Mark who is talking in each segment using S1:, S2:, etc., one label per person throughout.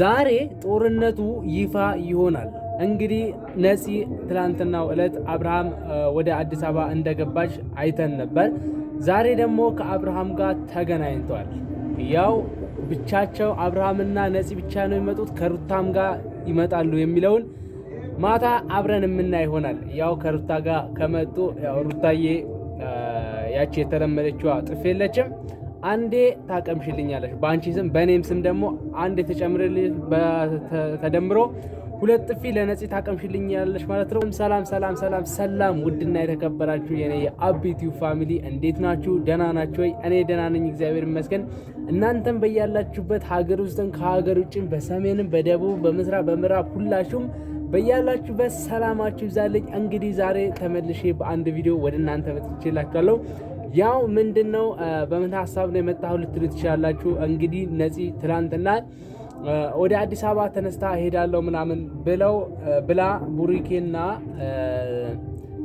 S1: ዛሬ ጦርነቱ ይፋ ይሆናል። እንግዲህ ነፂ ትላንትናው ዕለት አብርሃም ወደ አዲስ አበባ እንደገባች አይተን ነበር። ዛሬ ደግሞ ከአብርሃም ጋር ተገናኝተዋል። ያው ብቻቸው አብርሃምና ነፂ ብቻ ነው የመጡት ከሩታም ጋር ይመጣሉ የሚለውን ማታ አብረን የምና ይሆናል። ያው ከሩታ ጋር ከመጡ ሩታዬ ያቺ የተለመደችዋ ጥፍ የለችም አንዴ ታቀምሽልኛለሽ በአንቺ ስም በእኔም ስም ደግሞ አንድ የተጨምርልኝ ተደምሮ ሁለት ጥፊ ለነፂ ታቀምሽልኛለሽ ማለት ነው። ሰላም ሰላም ሰላም ሰላም! ውድና የተከበራችሁ የኔ የአቢቲዩ ፋሚሊ እንዴት ናችሁ? ደህና ናችሁ ወይ? እኔ ደህና ነኝ እግዚአብሔር ይመስገን። እናንተም በያላችሁበት ሀገር ውስጥን ከሀገር ውጭም በሰሜንም በደቡብ በምስራቅ በምዕራብ ሁላችሁም በያላችሁበት ሰላማችሁ ይብዛልኝ። እንግዲህ ዛሬ ተመልሼ በአንድ ቪዲዮ ወደ እናንተ መጥቼላችኋለሁ። ያው ምንድን ነው በምን ሀሳብ ነው የመጣሁ ልትሉ ትችላላችሁ። እንግዲህ ነፂ ትላንትና ወደ አዲስ አበባ ተነስታ አሄዳለሁ ምናምን ብለው ብላ ቡሪኬና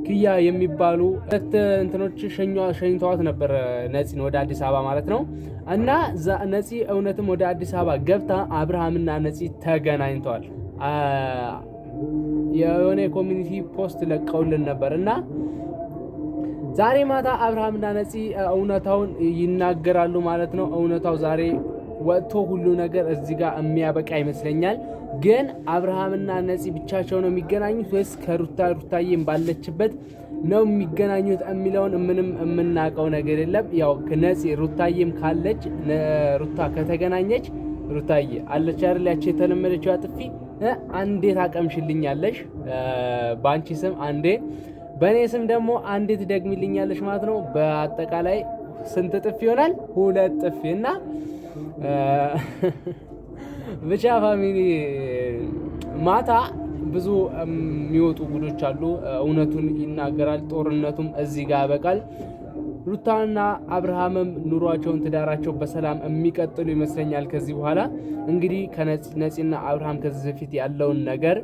S1: ክያ የሚባሉ ሁለት እንትኖች ሸኝተዋት ነበር ነፂን ወደ አዲስ አበባ ማለት ነው። እና ነፂ እውነትም ወደ አዲስ አበባ ገብታ አብርሃምና ነፂ ተገናኝተዋል። የሆነ የኮሚኒቲ ፖስት ለቀውልን ነበር እና ዛሬ ማታ አብርሃምና ነፂ እውነታውን ይናገራሉ ማለት ነው። እውነታው ዛሬ ወጥቶ ሁሉ ነገር እዚህ ጋር የሚያበቃ ይመስለኛል። ግን አብርሃምና ነፂ ብቻቸው ነው የሚገናኙት ወይስ ከሩታ ሩታዬም ባለችበት ነው የሚገናኙት የሚለውን ምንም የምናውቀው ነገር የለም። ያው ነፂ ሩታዬም ካለች ሩታ ከተገናኘች ሩታዬ አለች አይደል ያቸው የተለመደችው አጥፊ አንዴ ታቀምሽልኛለሽ በአንቺ ስም አንዴ በእኔ ስም ደግሞ አንዴ ትደግሚልኛለሽ ማለት ነው። በአጠቃላይ ስንት ጥፍ ይሆናል? ሁለት ጥፍ እና ብቻ ፋሚሊ ማታ ብዙ የሚወጡ ጉዶች አሉ። እውነቱን ይናገራል። ጦርነቱም እዚህ ጋር ያበቃል። ሩታና አብርሃምም ኑሯቸውን ትዳራቸው በሰላም የሚቀጥሉ ይመስለኛል። ከዚህ በኋላ እንግዲህ ከነፂና አብርሃም ከዚህ በፊት ያለውን ነገር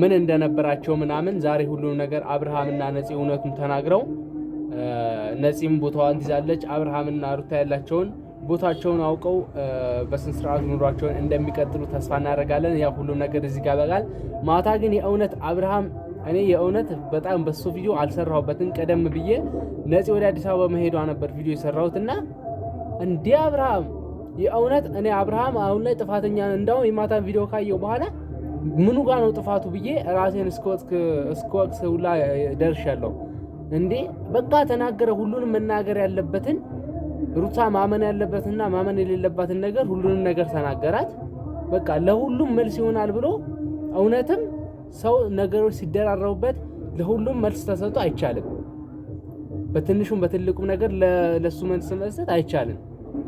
S1: ምን እንደነበራቸው ምናምን ዛሬ ሁሉም ነገር አብርሃምና ነፂ እውነቱን ተናግረው ነፂም ቦታዋን ትይዛለች። አብርሃምና ሩታ ያላቸውን ቦታቸውን አውቀው በስነ ስርዓት ኑሯቸውን እንደሚቀጥሉ ተስፋ እናደርጋለን። ያ ሁሉ ነገር እዚህ ጋር በቃል ማታ ግን የእውነት አብርሃም እኔ የእውነት በጣም በሱ ቪዲዮ አልሰራሁበትም። ቀደም ብዬ ነፂ ወደ አዲስ አበባ መሄዷ ነበር ቪዲዮ የሰራሁትና እንዲህ አብርሃም የእውነት እኔ አብርሃም አሁን ላይ ጥፋተኛ እንዳውም የማታን ቪዲዮ ካየው በኋላ ምኑ ጋር ነው ጥፋቱ ብዬ ራሴን እስከወቅስ ሁላ ደርሻለሁ። እንዴ በቃ ተናገረ። ሁሉንም መናገር ያለበትን ሩታ ማመን ያለበትና ማመን የሌለባትን ነገር ሁሉንም ነገር ተናገራት። በቃ ለሁሉም መልስ ይሆናል ብሎ እውነትም ሰው ነገሮች ሲደራረቡበት ለሁሉም መልስ ተሰጥቶ አይቻልም። በትንሹም በትልቁም ነገር ለሱ መልስ መስጠት አይቻልም።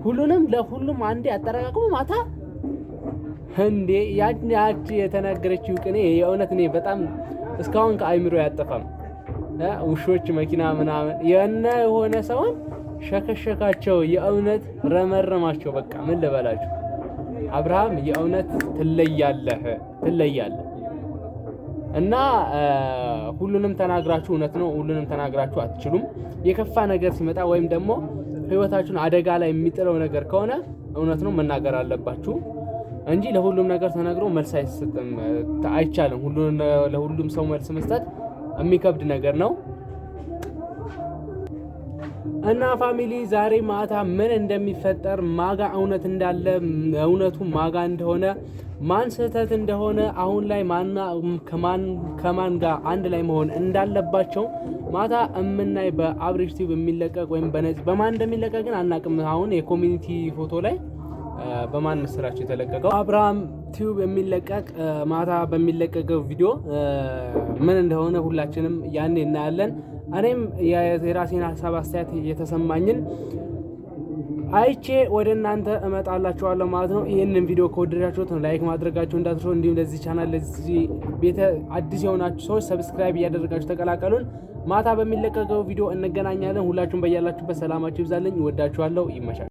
S1: ሁሉንም ለሁሉም አንዴ አጠረቃቅሞ ማታ እንዴ ያቺ የተናገረችው ቅኔ የእውነት እኔ በጣም እስካሁን ከአይምሮ ያጠፋም። ውሾች መኪና ምናምን የነ የሆነ ሰውን ሸከሸካቸው፣ የእውነት ረመረማቸው። በቃ ምን ልበላችሁ፣ አብርሃም የእውነት ትለያለህ፣ ትለያለህ እና ሁሉንም ተናግራችሁ እውነት ነው፣ ሁሉንም ተናግራችሁ አትችሉም። የከፋ ነገር ሲመጣ ወይም ደግሞ ህይወታችሁን አደጋ ላይ የሚጥለው ነገር ከሆነ እውነት ነው መናገር አለባችሁ እንጂ ለሁሉም ነገር ተነግሮ መልስ አይሰጥም፣ አይቻልም። ለሁሉም ሰው መልስ መስጠት የሚከብድ ነገር ነው። እና ፋሚሊ ዛሬ ማታ ምን እንደሚፈጠር ማጋ እውነት እንዳለ እውነቱ ማጋ እንደሆነ ማን ስህተት እንደሆነ አሁን ላይ ማና ከማን ጋር አንድ ላይ መሆን እንዳለባቸው ማታ እምናይ በአብሬጅ ቲዩብ የሚለቀቅ ወይም በነጭ በማን እንደሚለቀቅ ግን አናቅም። አሁን የኮሚኒቲ ፎቶ ላይ በማን ምስራቸው የተለቀቀው አብርሃም ቲዩብ የሚለቀቅ ማታ በሚለቀቀው ቪዲዮ ምን እንደሆነ ሁላችንም ያኔ እናያለን። እኔም የራሴን ሀሳብ አስተያየት እየተሰማኝን አይቼ ወደ እናንተ እመጣላችኋለሁ ማለት ነው። ይህንን ቪዲዮ ከወደዳችሁት ላይክ ማድረጋችሁ እንዳትረሱ። እንዲሁም ለዚህ ቻናል ለዚህ ቤተ አዲስ የሆናችሁ ሰዎች ሰብስክራይብ እያደረጋችሁ ተቀላቀሉን። ማታ በሚለቀቀው ቪዲዮ እንገናኛለን። ሁላችሁም በያላችሁበት ሰላማችሁ ይብዛለኝ። እወዳችኋለሁ። ይመሻል።